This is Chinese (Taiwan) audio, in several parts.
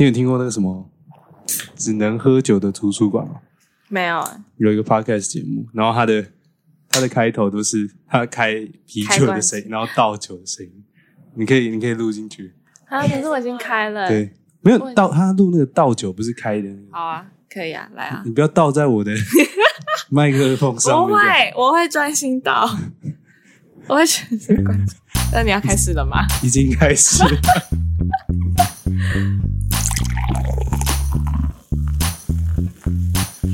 你有聽過那個什麼“只能喝酒的圖書館”嗎？沒有、欸。有一個 podcast 節目，然後它的它的開頭都是他開啤酒的聲音，然後倒酒的聲音。你可以，你可以錄進去。啊，可是我已經開了。對，沒有倒，他錄那個倒酒不是開的、那個。好啊，可以啊，來啊！你不要倒在我的麥 克風上面。我會，我會專心倒，我會全神貫注。那你要開始了嗎？已經開始了。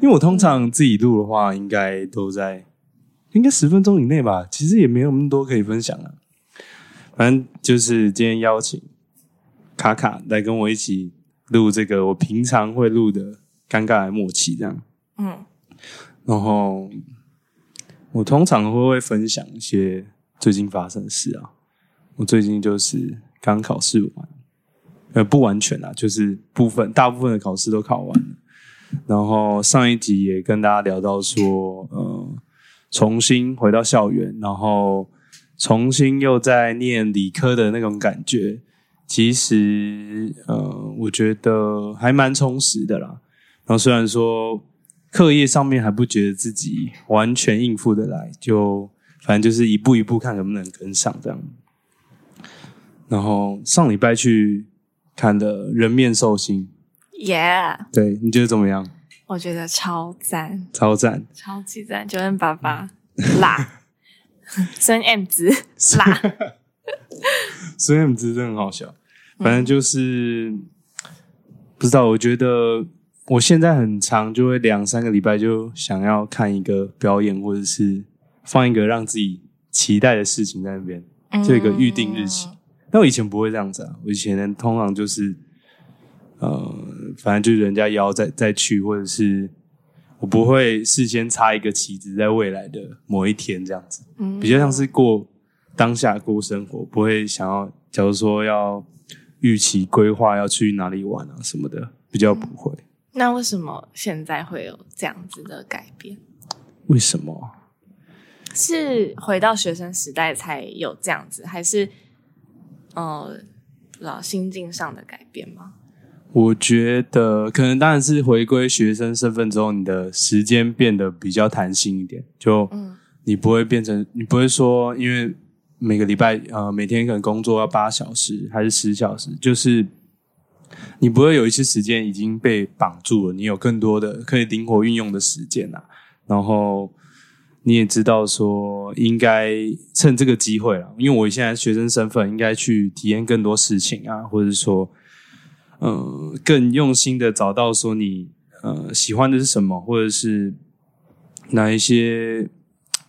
因為我通常自己錄的話，應該都在應該十分鐘以內吧。其實也沒有那麼多可以分享啊。反正就是今天邀請卡卡來跟我一起錄這個我平常會錄的尷尬的默契這樣。嗯，然後我通常會會分享一些最近發生的事啊。我最近就是剛考試完，呃，不完全啊，就是部分，大部分的考試都考完了。然後上一集也跟大家聊到說，呃，重新回到校園，然後重新又在念理科的那種感覺，其實呃，我覺得還蠻充實的啦。然後雖然說課業上面還不覺得自己完全應付得來，就反正就是一步一步看能不能跟上這樣。然後上禮拜去看的《人面獸心》。耶！Yeah. 對，你覺得怎麼樣？我覺得超讚，超讚讚，超級讚！九零八八辣孫燕姿辣，孫燕姿真的很好笑。反正就是、嗯、不知道，我覺得我現在很常就會兩三個禮拜就想要看一個表演，或者是放一個讓自己期待的事情在那邊，就一個預定日期。嗯、但我以前不會這樣子啊，我以前通常就是呃。反正就是人家要再再去，或者是我不會事先插一個旗子，在未來的某一天這樣子，嗯，比較像是過當下過生活，不會想要，假如說要預期規劃要去哪裡玩啊什麼的，比較不會。嗯。那為什麼現在會有這樣子的改變？為什麼是回到學生時代才有這樣子，還是呃，心境上的改變嗎？我覺得可能當然是回歸學生身份之後，你的時間變得比較彈性一點，就你不會變成你不會說，因為每個禮拜呃每天可能工作要八小時還是十小時，就是你不會有一些時間已經被綁住了，你有更多的可以靈活運用的時間啊。然後你也知道說應該趁這個機會啦，因為我現在學生身份應該去體驗更多事情啊，或者說。呃，更用心的找到說，你呃喜歡的是什麼，或者是哪一些，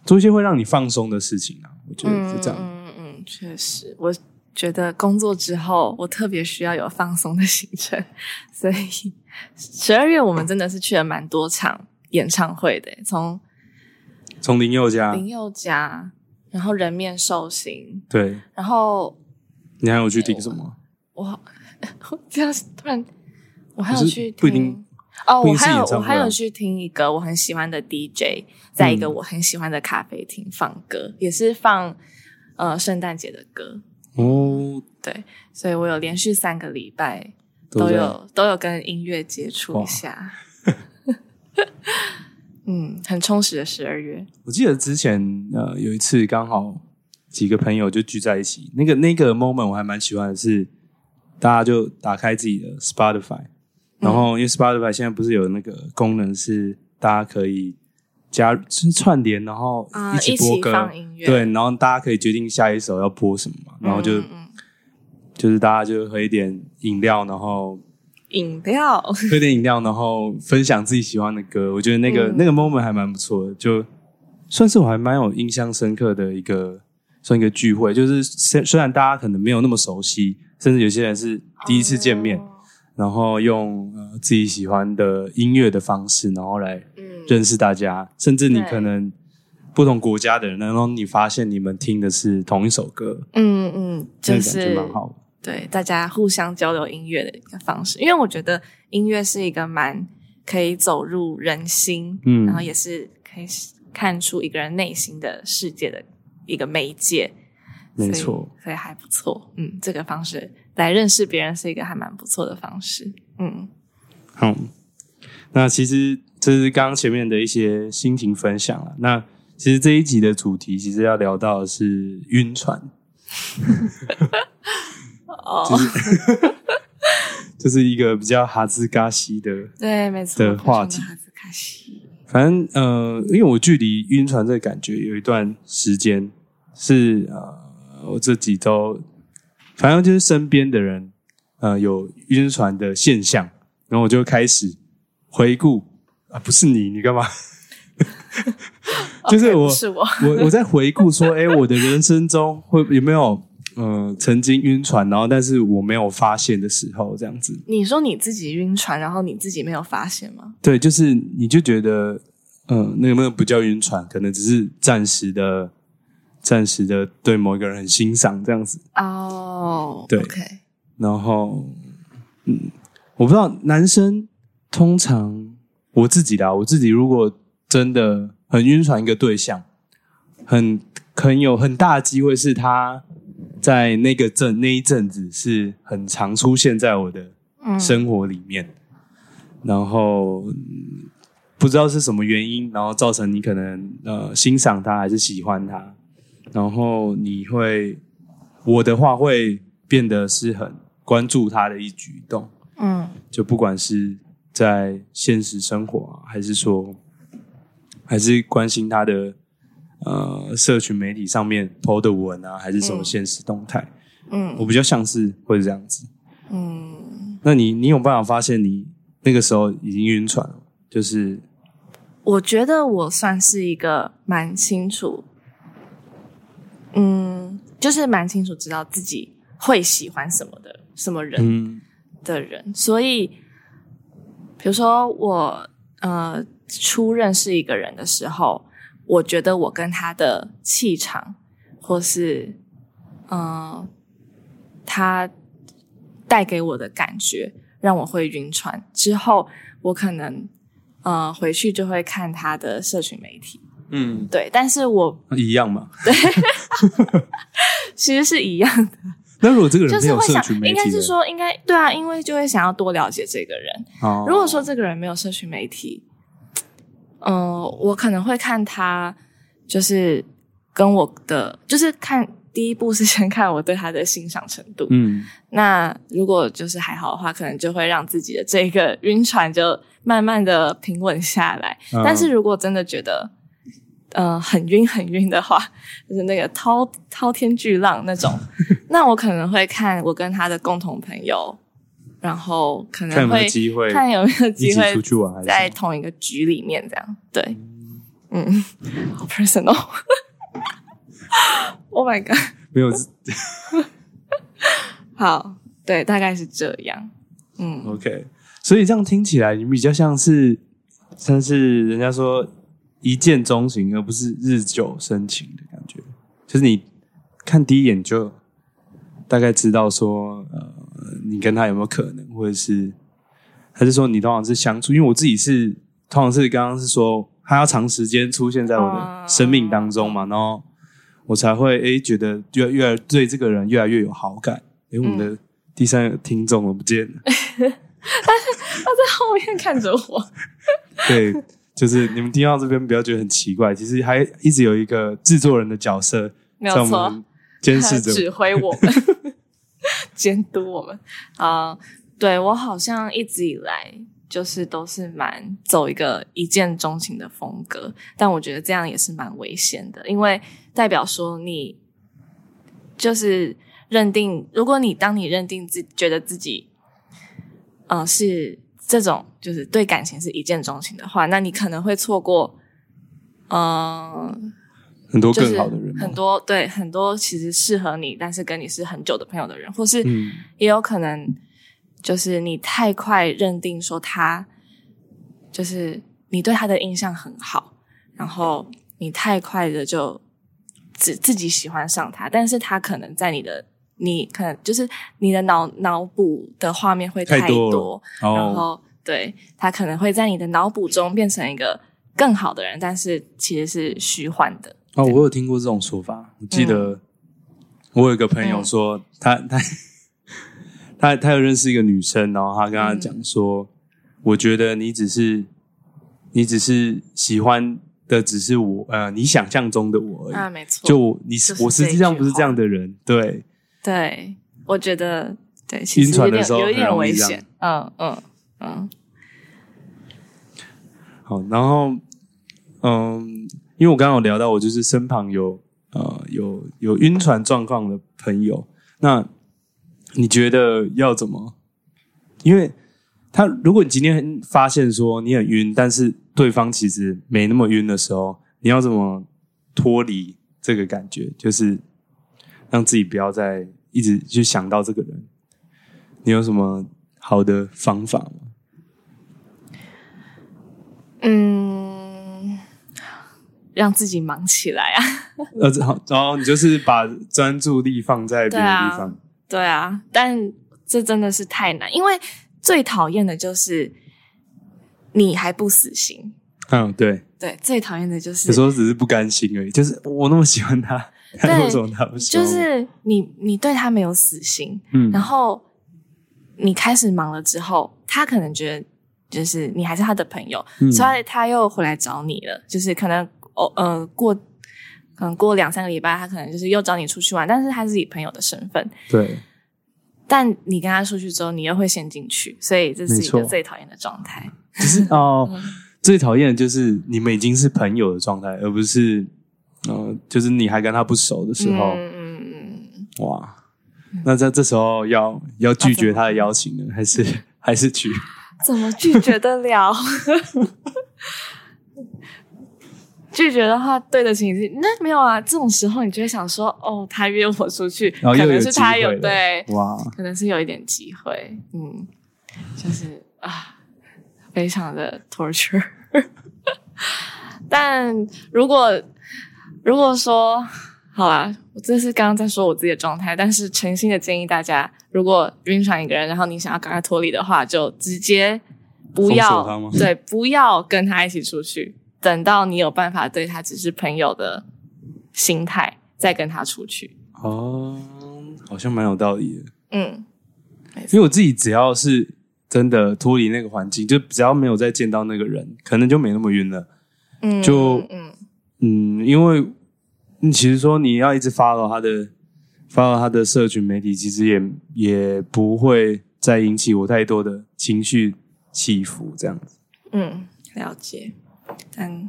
做一些會讓你放鬆的事情啊。我覺得是這樣。嗯嗯，確實，我覺得工作之後我特別需要有放鬆的行程，所以十二月我們真的是去了蠻多場演唱會的，從從林宥嘉、林宥嘉，然後人面獸心，對，然後你還有去聽什麼？我。我這樣突然，我還有去聽不哦，不不我還有我還有去聽一個我很喜歡的 DJ，在一個我很喜歡的咖啡廳放歌，嗯、也是放呃聖誕節的歌哦。對，所以我有連續三個禮拜都有都，都有跟音樂接觸一下，哇 嗯，很充實的十二月。我記得之前呃有一次剛好幾個朋友就聚在一起，那個那個 moment 我還蠻喜歡的是。大家就打開自己的 Spotify，然後因為 Spotify 現在不是有那個功能是大家可以加、就是、串聯，然後一起播歌，對，然後大家可以決定下一首要播什麼嘛，然後就就是大家就喝一點飲料，然後飲料喝點飲料，然後分享自己喜歡的歌，我覺得那個那個 moment 還蠻不錯的，就算是我還蠻有印象深刻的一個。算一個聚會，就是雖然大家可能沒有那麼熟悉，甚至有些人是第一次見面，oh. 然後用、呃、自己喜歡的音樂的方式，然後來認識大家，嗯、甚至你可能不同國家的人，對然後你發現你們聽的是同一首歌，嗯嗯，就是蠻好，對，大家互相交流音樂的一個方式，因為我覺得音樂是一個蠻可以走入人心，嗯、然後也是可以看出一個人內心的世界的。一個媒介，沒錯，所以還不錯。嗯，這個方式來認識別人是一個還蠻不錯的方式。嗯，好、嗯。那其實這是剛剛前面的一些心情分享了。那其實這一集的主題其實要聊到的是暈船，就是就是一個比較哈茲嘎西的對，沒錯的話題。哈茲嘎西反正呃，因為我距離暈船這個感覺有一段時間。是呃，我這幾周，反正就是身邊的人，呃，有暈船的現象，然後我就開始回顧啊，不是你，你幹嘛？ 就是我，okay, 是我, 我，我在回顧說，哎，欸，我的人生中會有沒有呃曾經暈船，然後但是我沒有發現的時候，這樣子。你說你自己暈船，然後你自己沒有發現嗎？對，就是你就覺得，嗯、呃，那個那個不叫暈船，可能只是暫時的。暫時的對某一個人很欣賞，這樣子哦，oh, okay. 對，然後嗯，我不知道男生通常，我自己啦，我自己如果真的很暈船一個對象，很，很有很大的機會是他在那個陣那一陣子是很常出現在我的生活裡面，嗯、然後、嗯、不知道是什麼原因，然後造成你可能呃欣賞他還是喜歡他。然後你會，我的話會變得是很關注他的一舉動，嗯，就不管是在現實生活啊，還是說，還是關心他的呃，社群媒體上面 PO 的文啊，還是什麼現實動態，嗯，我比較像是會是這樣子，嗯，那你你有辦法發現你那個時候已經暈船了？就是我覺得我算是一個蠻清楚。嗯，就是蠻清楚知道自己會喜歡什麼的什麼人的人，嗯、所以比如說我呃初認識一個人的時候，我覺得我跟他的氣場或是嗯、呃、他帶給我的感覺讓我會暈船，之後我可能呃回去就會看他的社群媒體。嗯，對，但是我一樣嘛，對， 其實是一樣的。那如果這個人沒有社群媒體就是會想，應該是說應該對啊，因為就會想要多了解這個人。哦、如果說這個人沒有社群媒體，嗯、呃、我可能會看他就是跟我的，就是看第一步是先看我對他的欣賞程度。嗯，那如果就是還好的話，可能就會讓自己的這個暈船就慢慢的平穩下來。嗯、但是如果真的覺得，呃，很暈很暈的話，就是那個滔滔天巨浪那種，走 那我可能會看我跟他的共同朋友，然後可能會看有沒有機會一起出去玩，有有在同一個局裡面這樣，對，嗯，嗯，personal，Oh my god，沒有， 好，對，大概是這樣，嗯，OK，所以這樣聽起來你比較像是，像是人家說一見鍾情，而不是日久生情的感覺，就是你看第一眼就大概知道說，呃，你跟他有沒有可能，或者是還是說你通常是相處？因為我自己是，通常是剛剛是說，他要長時間出現在我的生命當中嘛，嗯、然後我才會誒覺得越越來對這個人越來越有好感。因為我們的第三個聽眾我不見了、嗯 他，他在後面看着我。 對。就是你們聽到這邊不要覺得很奇怪，其實還一直有一個製作人的角色監視著。沒有錯，監視著，指揮我們， 監督我們啊。Uh, 對，我好像一直以來就是都是蠻走一個一見鍾情的風格，但我覺得這樣也是蠻危險的，因為代表說你就是認定，如果你當你認定自覺得自己嗯、呃、是。這種就是對感情是一見鍾情的話，那你可能會錯過，嗯、呃，很多更好的人啊，就是很多，對，很多其實適合你，但是跟你是很久的朋友的人，或是也有可能就是你太快認定說他，就是你對他的印象很好，然後你太快的就自自己喜歡上他，但是他可能在你的。你可能就是你的腦腦補的畫面會太多，太多，然後、哦、對，他可能會在你的腦補中變成一個更好的人，但是其實是虛幻的。啊、哦，我有聽過這種說法，我記得、嗯、我有一個朋友說，嗯、他他他他有認識一個女生，然後他跟他講說，嗯、我覺得你只是你只是喜歡的只是我，呃，你想象中的我而已。啊，沒錯，就我你就是我實際上不是這樣的人，對。對，我覺得對，其實有點暈船的時候有一點危險。嗯嗯嗯。好，然後嗯，因為我剛剛有聊到，我就是身旁有呃有有暈船狀況的朋友，那你覺得要怎麼？因為他如果你今天發現說你很暈，但是對方其實沒那麼暈的時候，你要怎麼脫離這個感覺？就是。讓自己不要再一直去想到這個人，你有什麼好的方法嗎？嗯，讓自己忙起來啊！然後、哦哦、你就是把專注力放在別的地方。對啊，對啊，但這真的是太難，因為最討厭的就是你還不死心。嗯、啊，對對，最討厭的就是有時候只是不甘心而已，就是我那麼喜歡他。對，有就是你，你對他沒有死心，嗯，然後你開始忙了之後，他可能覺得就是你還是他的朋友，嗯、所以他又回來找你了。就是可能哦，呃，過可能過兩三個禮拜，他可能就是又找你出去玩，但是他是以朋友的身份。對，但你跟他出去之後，你又會陷進去，所以這是一個最討厭的狀態。沒錯。 就是哦，嗯、最討厭的就是你們已經是朋友的狀態，而不是。嗯、呃，就是你還跟他不熟的時候，嗯嗯哇，嗯，那在這，這時候要要拒絕他的邀請呢，啊、還是還是去，怎麼拒絕得了？ 拒絕的話對得起你？那、嗯、沒有啊，這種時候你就會想說，哦，他約我出去，哦、可能是他有，有對哇，可能是有一點機會，嗯，就是啊，非常的 torture， 但如果。如果說，好啊，我這是剛剛在說我自己的狀態，但是誠心的建議大家，如果暈船一個人，然後你想要趕快脫離的話，就直接不要，對，不要跟他一起出去，等到你有辦法對他只是朋友的心態，再跟他出去。哦，好像蠻有道理的。嗯，因為我自己只要是真的脫離那個環境，就只要沒有再見到那個人，可能就沒那麼暈了。就嗯，就嗯。嗯嗯，因為，你其實說你要一直 follow 他的，follow 他的社群媒體，其實也也不會再引起我太多的情緒起伏，這樣子。嗯，了解。但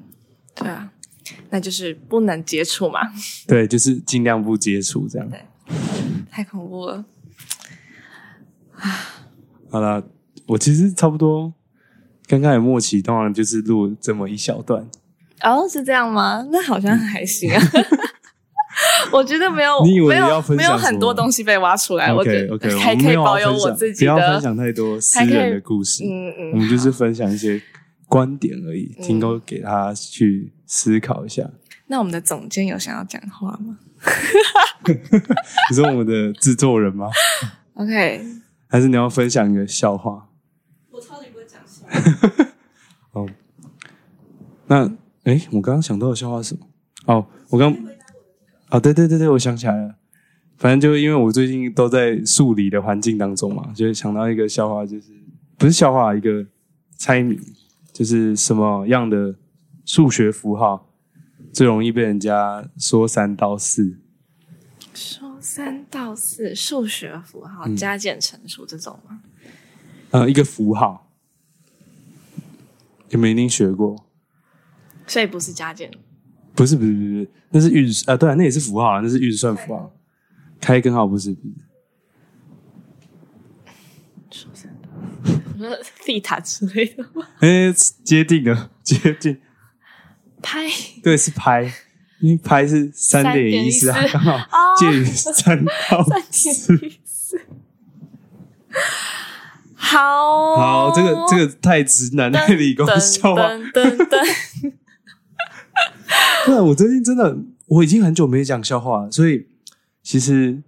對啊，那就是不能接觸嘛。對，就是盡量不接觸這樣。太恐怖了。啊。 好啦，我其實差不多，剛剛有默契，當然就是錄這麼一小段。哦，oh, 是這樣嗎？那好像還行、啊， 我覺得沒有，沒有，沒有很多東西被挖出來。我覺得還可以保有我自己的，我要不要分享太多私人的故事。嗯嗯，嗯我們就是分享一些觀點而已，嗯、聽眾給他去思考一下。嗯、那我們的總監有想要講話嗎？ 你說我們的制作人嗎 ？OK，還是你要分享一個笑話？我超級不會講笑話。哦， oh. 那。嗯誒，我剛剛想到的笑話是什麼？哦、oh,，我剛，哦、oh,，對對對對，我想起來了。反正就因為我最近都在數理的環境當中嘛，就是想到一個笑話，就是不是笑話，一個猜謎，就是什麼樣的數學符號最容易被人家說三道四？說三道四，數學符號、嗯、加減乘除這種嗎？呃，一個符號，也沒您學過。所以不是加減，不是不是不是，那是運啊，對啊，那也是符號，那是運算符號。哎、開根號不是。說真的，什麼 theta 之類的嗎？哎，接近了接近。拍，對，是拍，因為拍是三點一四，剛好介於三到四。好，好，這個這個太直男，太理工的笑話。噔，噔，噔。對、啊，我最近真的我已經很久沒講笑話了，所以其實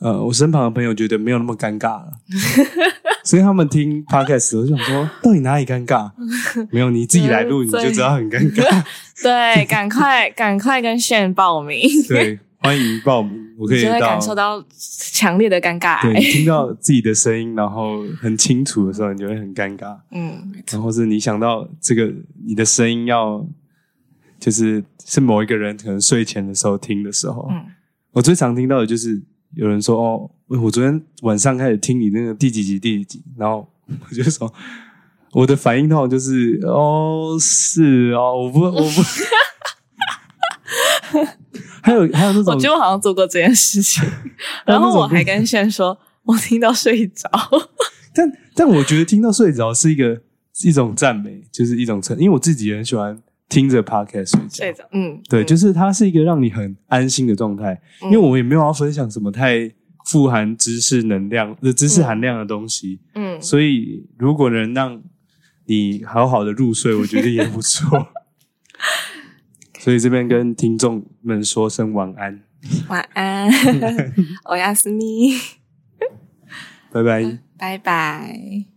呃，我身旁的朋友覺得沒有那麼尷尬了，嗯、 所以他們聽 Podcast 時候就想說， 到底哪裡尷尬？ 沒有，你自己來錄你就知道很尷尬。對， 對，趕快趕快跟 Shane 報名。 對，歡迎報名，我可以。你就會感受到強烈的尷尬、欸。對，聽到自己的聲音然後很清楚的時候，你就會很尷尬。 嗯，然後是你想到這個你的聲音要。就是是某一個人可能睡前的時候聽的時候，嗯，我最常聽到的就是有人說：“哦，我昨天晚上開始聽你那個第幾集第幾集。”然後我就說，我的反應通常就是：“哦，是哦，啊，我不，我不。” 還有還有那種，我覺得我好像做過這件事情。 然後我還跟炫說：“我聽到睡着。” 但，但但我覺得聽到睡着是一個一種讚美，就是一種稱，因為我自己也很喜歡。聽着 podcast 睡覺，嗯，對，嗯、就是它是一個讓你很安心的狀態，嗯、因為我也沒有要分享什麼太富含知識能量的知識含量的東西，嗯，嗯，所以如果能讓你好好的入睡，我覺得也不錯。 所以這邊跟聽眾們說聲晚安，晚安，我亞思密， 拜拜，拜拜。